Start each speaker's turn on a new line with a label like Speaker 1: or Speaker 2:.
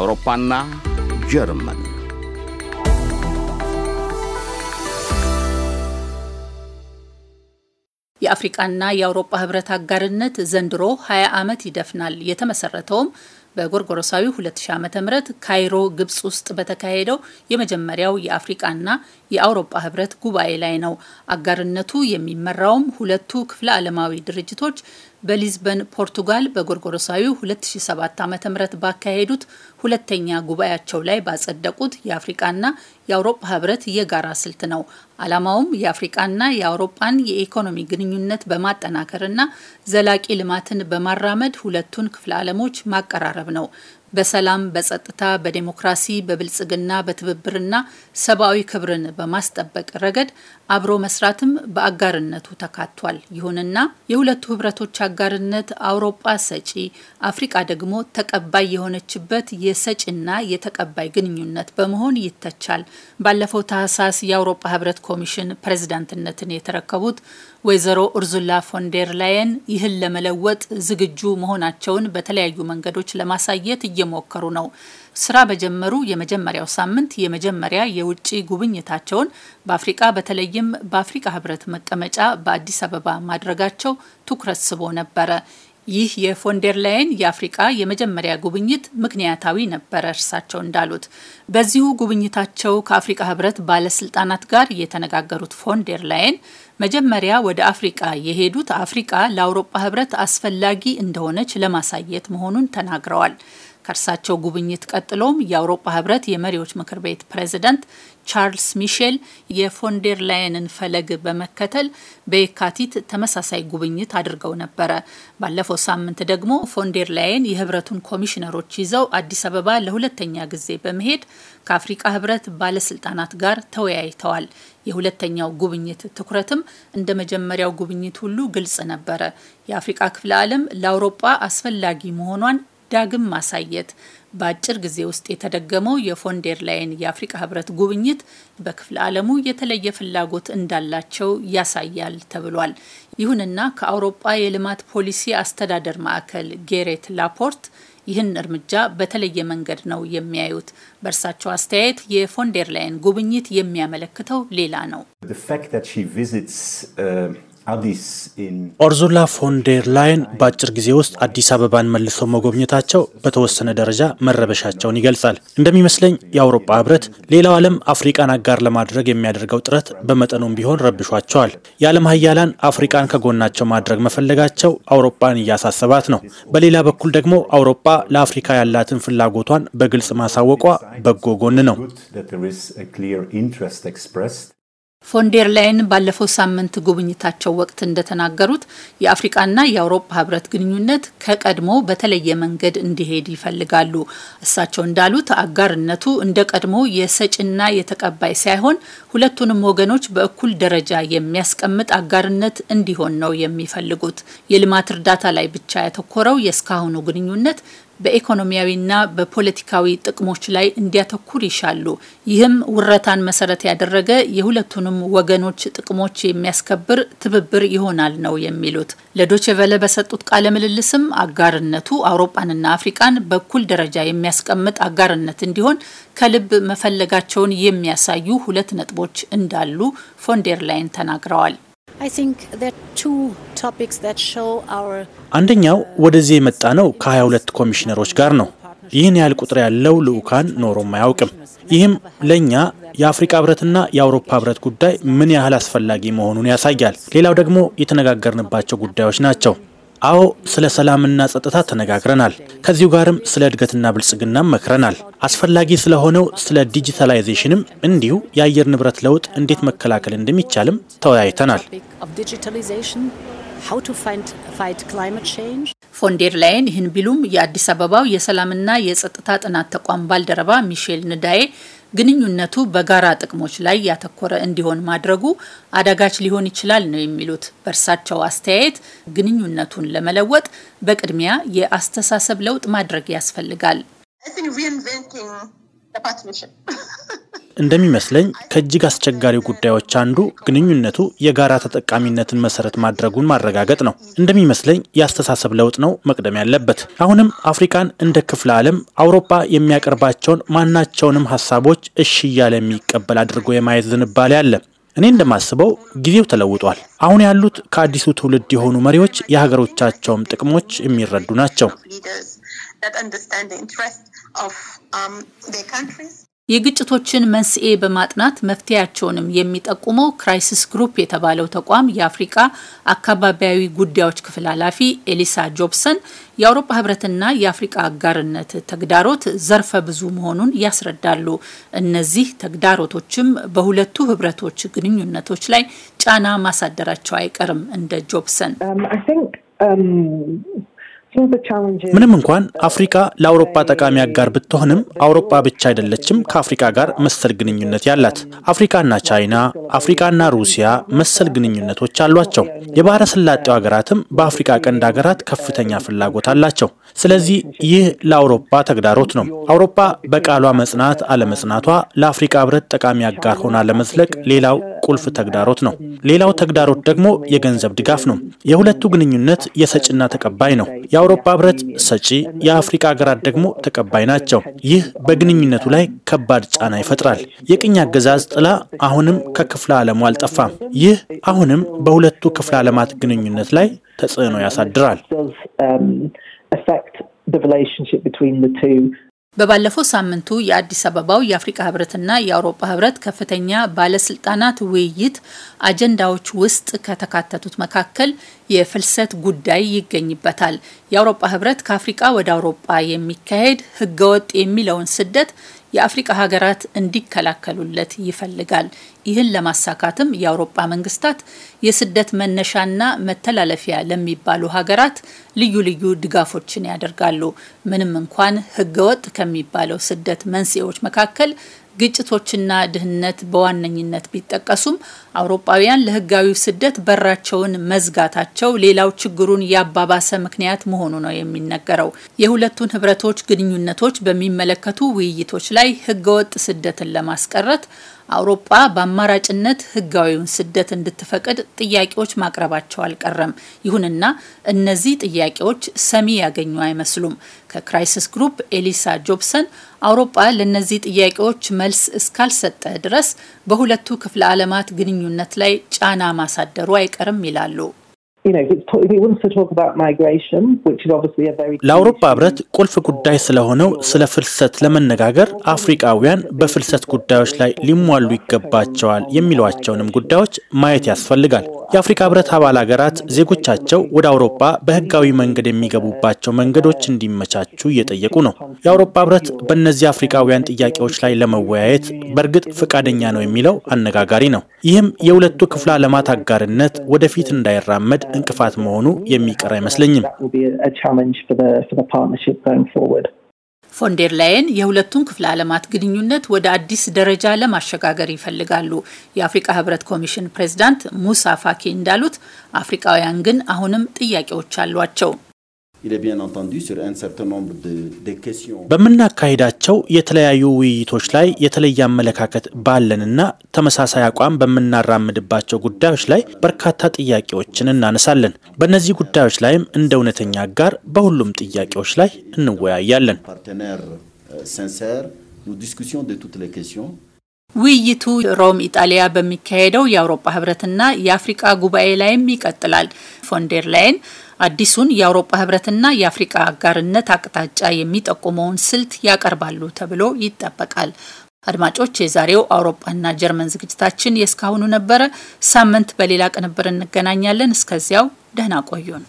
Speaker 1: አውሮፓና ጀርመን
Speaker 2: የአፍሪቃና የአውሮፓ ህብረት አጋርነት ዘንድሮ 20 ዓመት ይደፍናል። የተመሰረተውም በጎርጎሮሳዊ 2000 ዓ.ም ካይሮ ግብጽ ውስጥ በተካሄደው የመጀመሪያው የአፍሪቃና የአውሮፓ ህብረት ጉባኤ ላይ ነው። አጋርነቱ የሚመራውም ሁለቱ ክፍለ ዓለማዊ ድርጅቶች በሊዝበን ፖርቱጋል በጎርጎሮሳዊ 2007 ዓ ም ባካሄዱት ሁለተኛ ጉባኤያቸው ላይ ባጸደቁት የአፍሪቃና የአውሮፓ ህብረት የጋራ ስልት ነው። ዓላማውም የአፍሪቃና የአውሮፓን የኢኮኖሚ ግንኙነት በማጠናከርና ዘላቂ ልማትን በማራመድ ሁለቱን ክፍለ ዓለሞች ማቀራረብ ነው። በሰላም፣ በጸጥታ፣ በዴሞክራሲ፣ በብልጽግና፣ በትብብርና ሰብአዊ ክብርን በማስጠበቅ ረገድ አብሮ መስራትም በአጋርነቱ ተካቷል። ይሁንና የሁለቱ ህብረቶች አጋርነት አውሮጳ ሰጪ፣ አፍሪቃ ደግሞ ተቀባይ የሆነችበት የሰጪና የተቀባይ ግንኙነት በመሆን ይተቻል። ባለፈው ታህሳስ የአውሮፓ ህብረት ኮሚሽን ፕሬዝዳንትነትን የተረከቡት ወይዘሮ ኡርዙላ ፎንዴር ላየን ይህን ለመለወጥ ዝግጁ መሆናቸውን በተለያዩ መንገዶች ለማሳየት እየሞከሩ ነው። ስራ በጀመሩ የመጀመሪያው ሳምንት የመጀመሪያ የውጭ ጉብኝታቸውን በአፍሪቃ በተለይም በአፍሪቃ ህብረት መቀመጫ በአዲስ አበባ ማድረጋቸው ትኩረት ስቦ ነበረ። ይህ የፎንደር ላይን የአፍሪቃ የመጀመሪያ ጉብኝት ምክንያታዊ ነበረ። እርሳቸው እንዳሉት በዚሁ ጉብኝታቸው ከአፍሪቃ ህብረት ባለስልጣናት ጋር የተነጋገሩት ፎንደር ላይን መጀመሪያ ወደ አፍሪቃ የሄዱት አፍሪቃ ለአውሮፓ ህብረት አስፈላጊ እንደሆነች ለማሳየት መሆኑን ተናግረዋል። ከእርሳቸው ጉብኝት ቀጥሎም የአውሮፓ ህብረት የመሪዎች ምክር ቤት ፕሬዝዳንት ቻርልስ ሚሼል የፎንዴር ላየንን ፈለግ በመከተል በየካቲት ተመሳሳይ ጉብኝት አድርገው ነበረ። ባለፈው ሳምንት ደግሞ ፎንዴር ላየን የህብረቱን ኮሚሽነሮች ይዘው አዲስ አበባ ለሁለተኛ ጊዜ በመሄድ ከአፍሪቃ ህብረት ባለስልጣናት ጋር ተወያይተዋል። የሁለተኛው ጉብኝት ትኩረትም እንደ መጀመሪያው ጉብኝት ሁሉ ግልጽ ነበረ። የአፍሪቃ ክፍለ ዓለም ለአውሮጳ አስፈላጊ መሆኗን ዳግም ማሳየት በአጭር ጊዜ ውስጥ የተደገመው የፎንዴር ላይን የአፍሪቃ ህብረት ጉብኝት በክፍለ ዓለሙ የተለየ ፍላጎት እንዳላቸው ያሳያል ተብሏል። ይሁንና ከአውሮጳ የልማት ፖሊሲ አስተዳደር ማዕከል ጌሬት ላፖርት ይህን እርምጃ በተለየ መንገድ ነው የሚያዩት። በእርሳቸው አስተያየት የፎንዴር ላይን ጉብኝት የሚያመለክተው ሌላ ነው።
Speaker 1: ኦርዙላ ፎን ላይን በአጭር ጊዜ ውስጥ አዲስ አበባን መልሶ መጎብኘታቸው በተወሰነ ደረጃ መረበሻቸውን ይገልጻል። እንደሚመስለኝ የአውሮፓ ህብረት ሌላው ዓለም አፍሪቃን አጋር ለማድረግ የሚያደርገው ጥረት በመጠኑም ቢሆን ረብሿቸዋል። የዓለም ሀያላን አፍሪቃን ከጎናቸው ማድረግ መፈለጋቸው አውሮፓን እያሳሰባት ነው። በሌላ በኩል ደግሞ አውሮፓ ለአፍሪካ ያላትን ፍላጎቷን በግልጽ ማሳወቋ በጎ ጎን ነው።
Speaker 2: ፎንዴር ላይን ባለፈው ሳምንት ጉብኝታቸው ወቅት እንደተናገሩት የአፍሪቃና የአውሮፓ ህብረት ግንኙነት ከቀድሞ በተለየ መንገድ እንዲሄድ ይፈልጋሉ። እሳቸው እንዳሉት አጋርነቱ እንደ ቀድሞ የሰጪና የተቀባይ ሳይሆን ሁለቱንም ወገኖች በእኩል ደረጃ የሚያስቀምጥ አጋርነት እንዲሆን ነው የሚፈልጉት። የልማት እርዳታ ላይ ብቻ ያተኮረው የእስካሁኑ ግንኙነት በኢኮኖሚያዊና በፖለቲካዊ ጥቅሞች ላይ እንዲያተኩር ይሻሉ። ይህም ውረታን መሰረት ያደረገ የሁለቱንም ወገኖች ጥቅሞች የሚያስከብር ትብብር ይሆናል ነው የሚሉት። ለዶችቨለ በሰጡት ቃለ ምልልስም አጋርነቱ አውሮፓንና አፍሪቃን በኩል ደረጃ የሚያስቀምጥ አጋርነት እንዲሆን ከልብ መፈለጋቸውን የሚያሳዩ ሁለት ነጥቦች እንዳሉ ፎንዴር ላይን ተናግረዋል።
Speaker 1: አንደኛው ወደዚህ የመጣ ነው ከ22 ኮሚሽነሮች ጋር ነው። ይህን ያህል ቁጥር ያለው ልዑካን ኖሮም አያውቅም። ይህም ለእኛ የአፍሪካ ህብረትና የአውሮፓ ህብረት ጉዳይ ምን ያህል አስፈላጊ መሆኑን ያሳያል። ሌላው ደግሞ የተነጋገርንባቸው ጉዳዮች ናቸው። አዎ ስለ ሰላምና ጸጥታ ተነጋግረናል። ከዚሁ ጋርም ስለ እድገትና ብልጽግና መክረናል። አስፈላጊ ስለሆነው ስለ ዲጂታላይዜሽንም እንዲሁ የአየር ንብረት ለውጥ እንዴት መከላከል እንደሚቻልም ተወያይተናል።
Speaker 2: ፎን ዴር ላይን ይህን ቢሉም የአዲስ አበባው የሰላምና የጸጥታ ጥናት ተቋም ባልደረባ ሚሼል ንዳዬ ግንኙነቱ በጋራ ጥቅሞች ላይ ያተኮረ እንዲሆን ማድረጉ አዳጋች ሊሆን ይችላል ነው የሚሉት። በእርሳቸው አስተያየት ግንኙነቱን ለመለወጥ በቅድሚያ የአስተሳሰብ ለውጥ ማድረግ ያስፈልጋል።
Speaker 1: እንደሚመስለኝ ከእጅግ አስቸጋሪ ጉዳዮች አንዱ ግንኙነቱ የጋራ ተጠቃሚነትን መሰረት ማድረጉን ማረጋገጥ ነው። እንደሚመስለኝ የአስተሳሰብ ለውጥ ነው መቅደም ያለበት። አሁንም አፍሪካን እንደ ክፍለ ዓለም አውሮፓ የሚያቀርባቸውን ማናቸውንም ሀሳቦች እሺ እያለ የሚቀበል አድርጎ የማየት ዝንባሌ አለ። እኔ እንደማስበው ጊዜው ተለውጧል። አሁን ያሉት ከአዲሱ ትውልድ የሆኑ መሪዎች የሀገሮቻቸውም ጥቅሞች የሚረዱ ናቸው።
Speaker 2: የግጭቶችን መንስኤ በማጥናት መፍትሄያቸውንም የሚጠቁመው ክራይሲስ ግሩፕ የተባለው ተቋም የአፍሪቃ አካባቢያዊ ጉዳዮች ክፍል ኃላፊ ኤሊሳ ጆብሰን የአውሮፓ ህብረትና የአፍሪቃ አጋርነት ተግዳሮት ዘርፈ ብዙ መሆኑን ያስረዳሉ። እነዚህ ተግዳሮቶችም በሁለቱ ህብረቶች ግንኙነቶች ላይ ጫና ማሳደራቸው አይቀርም። እንደ ጆብሰን um, ምንም
Speaker 1: እንኳን አፍሪካ ለአውሮፓ ጠቃሚ አጋር ብትሆንም አውሮፓ ብቻ አይደለችም ከአፍሪካ ጋር መሰል ግንኙነት ያላት። አፍሪካና ቻይና፣ አፍሪካና ሩሲያ መሰል ግንኙነቶች አሏቸው። የባህረ ስላጤው ሀገራትም በአፍሪካ ቀንድ ሀገራት ከፍተኛ ፍላጎት አላቸው። ስለዚህ ይህ ለአውሮፓ ተግዳሮት ነው። አውሮፓ በቃሏ መጽናት አለመጽናቷ ለአፍሪካ ህብረት ጠቃሚ አጋር ሆና ለመዝለቅ ሌላው ቁልፍ ተግዳሮት ነው። ሌላው ተግዳሮት ደግሞ የገንዘብ ድጋፍ ነው። የሁለቱ ግንኙነት የሰጭና ተቀባይ ነው። የአውሮፓ ህብረት ሰጪ፣ የአፍሪካ ሀገራት ደግሞ ተቀባይ ናቸው። ይህ በግንኙነቱ ላይ ከባድ ጫና ይፈጥራል። የቅኝ አገዛዝ ጥላ አሁንም ከክፍለ ዓለሙ አልጠፋም። ይህ አሁንም በሁለቱ ክፍለ ዓለማት ግንኙነት ላይ ተጽዕኖ ያሳድራል።
Speaker 2: በባለፈው ሳምንቱ የአዲስ አበባው የአፍሪካ ህብረትና የአውሮፓ ህብረት ከፍተኛ ባለስልጣናት ውይይት አጀንዳዎች ውስጥ ከተካተቱት መካከል የፍልሰት ጉዳይ ይገኝበታል። የአውሮፓ ህብረት ከአፍሪቃ ወደ አውሮፓ የሚካሄድ ህገወጥ የሚለውን ስደት የአፍሪቃ ሀገራት እንዲከላከሉለት ይፈልጋል። ይህን ለማሳካትም የአውሮፓ መንግስታት የስደት መነሻና መተላለፊያ ለሚባሉ ሀገራት ልዩ ልዩ ድጋፎችን ያደርጋሉ። ምንም እንኳን ህገወጥ ከሚባለው ስደት መንስኤዎች መካከል ግጭቶችና ድህነት በዋነኝነት ቢጠቀሱም አውሮፓውያን ለህጋዊ ስደት በራቸውን መዝጋታቸው ሌላው ችግሩን ያባባሰ ምክንያት መሆኑ ነው የሚነገረው። የሁለቱን ህብረቶች ግንኙነቶች በሚመለከቱ ውይይቶች ላይ ህገወጥ ስደትን ለማስቀረት አውሮፓ በአማራጭነት ህጋዊውን ስደት እንድትፈቅድ ጥያቄዎች ማቅረባቸው አልቀረም። ይሁንና እነዚህ ጥያቄዎች ሰሚ ያገኙ አይመስሉም። ከክራይሲስ ግሩፕ ኤሊሳ ጆብሰን አውሮፓ ለእነዚህ ጥያቄዎች መልስ እስካልሰጠ ድረስ በሁለቱ ክፍለ ዓለማት ግንኙነት ላይ ጫና ማሳደሩ አይቀርም ይላሉ።
Speaker 1: ለአውሮፓ ህብረት ቁልፍ ጉዳይ ስለሆነው ስለ ፍልሰት ለመነጋገር አፍሪቃውያን በፍልሰት ጉዳዮች ላይ ሊሟሉ ይገባቸዋል የሚሏቸውንም ጉዳዮች ማየት ያስፈልጋል። የአፍሪካ ህብረት አባል ሀገራት ዜጎቻቸው ወደ አውሮፓ በህጋዊ መንገድ የሚገቡባቸው መንገዶች እንዲመቻቹ እየጠየቁ ነው። የአውሮፓ ህብረት በእነዚህ አፍሪካውያን ጥያቄዎች ላይ ለመወያየት በእርግጥ ፈቃደኛ ነው የሚለው አነጋጋሪ ነው። ይህም የሁለቱ ክፍለ ዓለማት አጋርነት ወደፊት እንዳይራመድ እንቅፋት መሆኑ የሚቀር አይመስለኝም።
Speaker 2: ፎንዴር ላይን የሁለቱን ክፍለ ዓለማት ግንኙነት ወደ አዲስ ደረጃ ለማሸጋገር ይፈልጋሉ። የአፍሪቃ ህብረት ኮሚሽን ፕሬዚዳንት ሙሳ ፋኪ እንዳሉት አፍሪቃውያን ግን አሁንም ጥያቄዎች አሏቸው።
Speaker 1: በምናካሄዳቸው የተለያዩ ውይይቶች ላይ የተለየ አመለካከት ባለንና ተመሳሳይ አቋም በምናራምድባቸው ጉዳዮች ላይ በርካታ ጥያቄዎችን እናነሳለን። በእነዚህ ጉዳዮች ላይም እንደ እውነተኛ አጋር በሁሉም ጥያቄዎች ላይ እንወያያለን።
Speaker 2: ውይይቱ ሮም ኢጣሊያ በሚካሄደው የአውሮፓ ህብረትና የአፍሪቃ ጉባኤ ላይም ይቀጥላል። ፎንዴር ላይን አዲሱን የአውሮፓ ህብረትና የአፍሪቃ አጋርነት አቅጣጫ የሚጠቁመውን ስልት ያቀርባሉ ተብሎ ይጠበቃል። አድማጮች፣ የዛሬው አውሮፓና ጀርመን ዝግጅታችን የእስካሁኑ ነበረ። ሳምንት በሌላ ቅንብር እንገናኛለን። እስከዚያው ደህና ቆዩን።